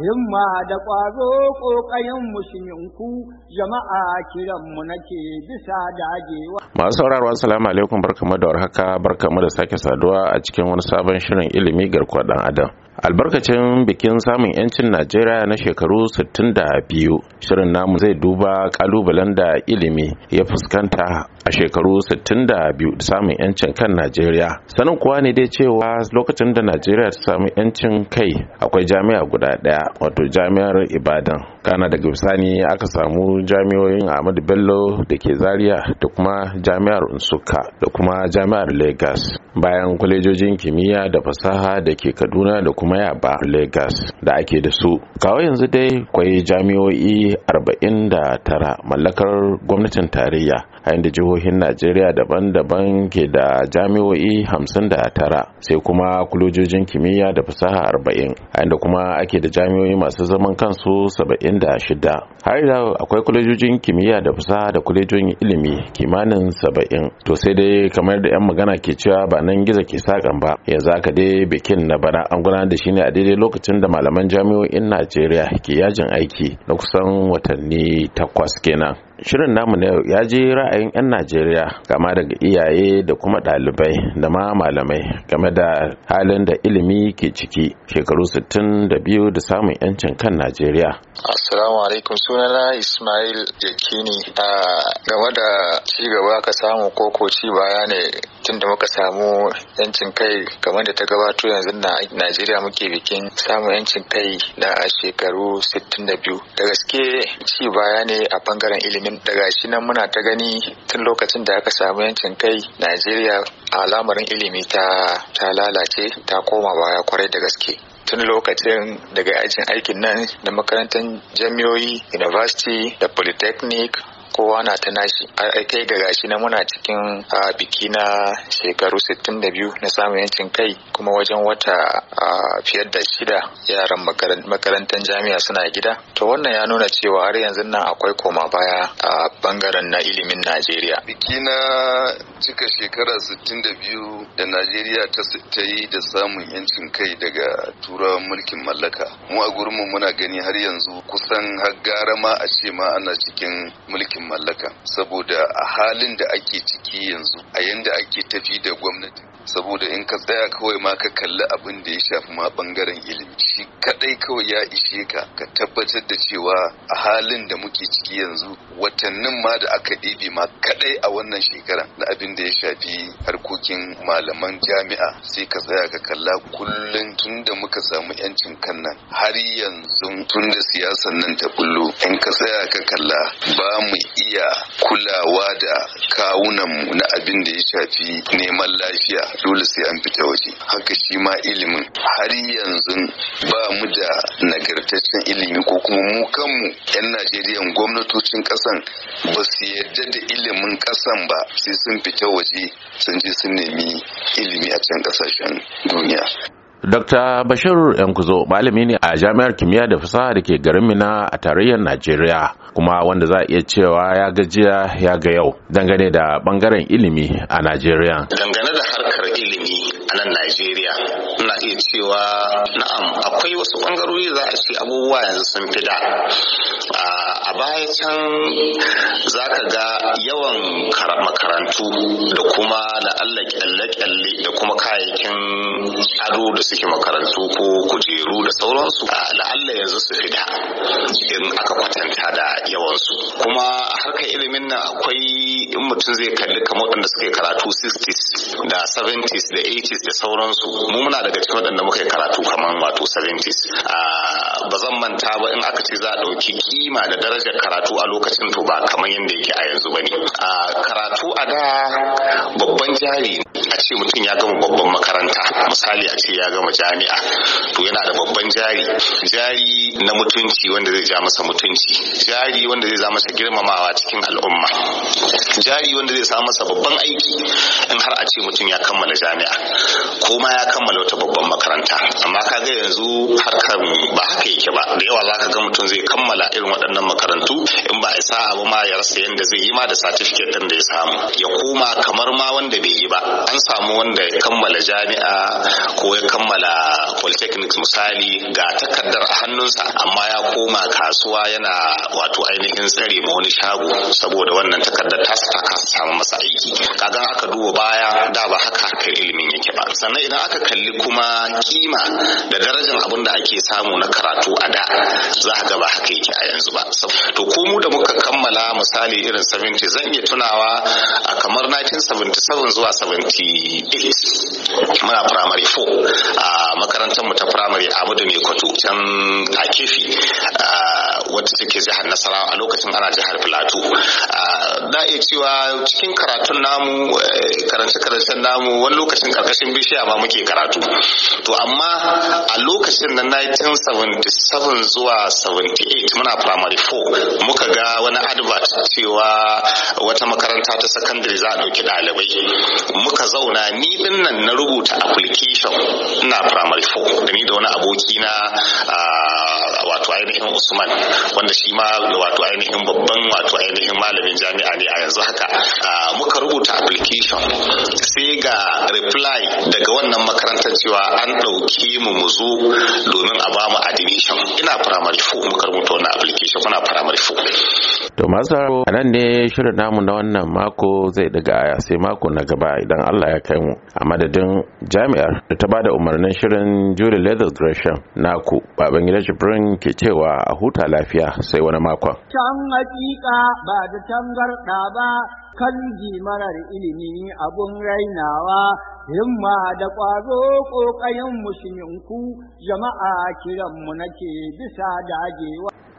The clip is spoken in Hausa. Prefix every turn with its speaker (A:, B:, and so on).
A: himma da ƙwazo ƙoƙayen musulminku jama'a kiranmu nake bisa dagewa.
B: Masu sauraro assalamu alaikum barkamu da warhaka barkamu da sake saduwa a cikin wani sabon shirin ilimi garkuwa ɗan adam. Albarkacin bikin samun 'yancin Najeriya na shekaru 62 shirin namu zai duba kalubalen da ilimi ya fuskanta a shekaru 62 da samun yancin kan Najeriya. Sanin kuwa ne dai cewa lokacin da Najeriya ta samu yancin kai akwai jami'a guda ɗaya wato jami'ar Ibadan. Kana daga bisani aka samu jami'oyin Ahmadu Bello da ke Zaria da kuma jami'ar Nsukka da kuma jami'ar Lagos. Bayan kwalejojin kimiyya da fasaha da ke Kaduna da kuma Yaba Lagos da ake da su. Kawo yanzu dai kwai jami'o'i 49 mallakar gwamnatin tarayya yayin da jihohin najeriya daban-daban ke da jami'o'i 59 sai kuma kulojojin kimiyya da fasaha 40 yayin da kuma ake da jami'o'i masu zaman kansu 76 har yanzu akwai kulojojin kimiyya da fasaha da kulojojin ilimi kimanin 70 to sai dai kamar da 'yan magana ke cewa ba nan gizo ke sakan ba yanzu aka dai bikin na bana an gudanar da shi ne a daidai lokacin da malaman jami'o'in najeriya ke yajin aiki na kusan watanni takwas kenan shirin namu na yau ya je ra'ayin 'yan najeriya kama daga iyaye da kuma dalibai, da ma malamai game da halin da ilimi ke ciki shekaru 62 da samun 'yancin kan najeriya
C: assalamu alaikum sunana ismail yakini a game da ci gaba ka samu koko ci baya ne tun da muka samu yancin kai game da ta gabato yanzu na najeriya muke bikin samun yancin kai na shekaru 62 da gaske ci baya ne a bangaren ilimin da gashi nan muna ta gani tun lokacin da aka samu yancin kai Najeriya a al'amarin ilimi ta lalace ta koma baya kwarai da gaske tun lokacin daga ajin aikin nan da makarantar jami'oi university da polytechnic kowa na ta nashi a kai ga gashi na muna cikin biki na shekaru 62 na samun yancin kai kuma wajen wata fiye da shida yaran makarantar jami'a suna gida to wannan ya nuna cewa har yanzu nan akwai koma baya a bangaren na ilimin najeriya
A: biki na cika shekara 62 da najeriya ta yi da samun yancin kai daga turawan mulkin mallaka mu a gurinmu muna gani har yanzu kusan har gara ma a ce ma ana cikin mulkin mallaka saboda a halin da ake ciki yanzu a yanda ake tafi da gwamnati saboda in ka tsaya kawai ma ka kalli abin da ya shafi ma bangaren ilimi shi kadai kawai ya ishe ka ka tabbatar da cewa a halin da muke ciki yanzu watannin ma da aka ɗibi ma kadai a wannan shekara na abin da ya shafi harkokin malaman jami'a sai ka tsaya ka kalla kullum tun da muka samu yancin kan nan har yanzu tun da siyasan nan ta bullo in ka tsaya ka kalla ba mu iya kulawa da kawunanmu na abin da ya shafi neman lafiya dole sai an fita waje haka shi ma ilimin har yanzu ba mu da nagartaccen ilimi ko kuma mu kanmu 'yan najeriya gwamnatocin kasan ba su yarda da ilimin kasan ba sai sun fita waje sun je sun nemi ilimi a can kasashen duniya
B: Dr. Bashir Yankuzo malami ne a Jami'ar Kimiyya da Fasaha da ke garin Mina a tarayyar Najeriya kuma wanda za a iya cewa ya gajiya ya ga yau dangane da bangaren ilimi a Najeriya.
C: Dangane da a nan Najeriya. Ina iya cewa na'am akwai wasu bangarori za a ce abubuwa yanzu sun fi da. A baya can za ka ga yawan makarantu da kuma Allah kyalle-kyalle da kuma kayayyakin ado da suke makarantu ko kujeru da sauransu Allah yanzu su fi da in aka kwatanta da yawansu. Kuma wannan akwai in mutum zai kalli kamar waɗanda suka yi karatu 60s da 70s da 80s da sauransu mu muna daga cikin waɗanda muka yi karatu kamar wato 70s ah, ba zan manta ba in aka ce za a ɗauki kima da darajar karatu a lokacin to ba kamar yadda yake a yanzu ba ne ah, karatu a da babban jari a ce mutum ya gama babban makaranta misali a ce ya gama jami'a to yana da babban jari jari na mutunci wanda zai ja masa mutunci jari wanda zai za masa girmamawa cikin al'umma jari wanda zai samu masa babban aiki in har a ce mutum ya kammala jami'a ko ma ya kammala wata babban makaranta amma ka ga yanzu harkar ba haka yake ba da yawa za ka ga mutum zai kammala irin waɗannan makarantu in ba isa abu ma ya rasa yadda zai yi ma da satifiket ɗin da ya samu ya koma kamar ma wanda bai yi ba an samu wanda ya kammala jami'a ko ya kammala polytechnics misali ga takardar a hannunsa amma ya koma kasuwa yana wato ainihin tsare ma wani shago saboda wannan takardar ta saka samu masa aiki kaga aka duba baya da ba haka harkar ilimin yake ba sannan idan aka kalli kuma kima da darajar abin da ake samu na karatu a da za ka ga ba haka yake a yanzu ba to ko mu da muka kammala misali irin 70 zan iya tunawa a kamar 1977 zuwa 8 muna primary 4 a makarantar mu ta primary Ahmadu Mai Kwato can a kefi wata take jihar nasara a lokacin ana jihar Plateau da iya cewa cikin karatun namu eh, karance karancen namu wani lokacin karkashin bishiya ma muke karatu to amma a lokacin na 1977 zuwa 78 muna primary 4 muka ga wani advert cewa wata makaranta ta secondary za a ɗauki ɗalibai muka zauna ni din nan na rubuta application na primary 4 da ni da wani aboki na ah, wato ainihin Usman wanda shi ma wato ainihin babban wato ainihin malamin jami'a ne a yanzu haka muka rubuta application sai ga reply daga wannan makarantar cewa an ɗauki mu mu zo domin a bamu admission ina primary four muka rubuta wannan application muna primary four
B: to masu a nan ne shirin namu na wannan mako zai daga aya sai mako na gaba idan Allah ya kai mu a madadin jami'ar da ta bada umarnin shirin Julie Leather Gresham naku baban gidan jibrin ke cewa a huta lafiya sai wani makon
A: can hakika ba da tangarda ba kan marar ilimi abun rainawa himma da ƙwazo ƙoƙayen musulminku jama'a kiranmu nake bisa dagewa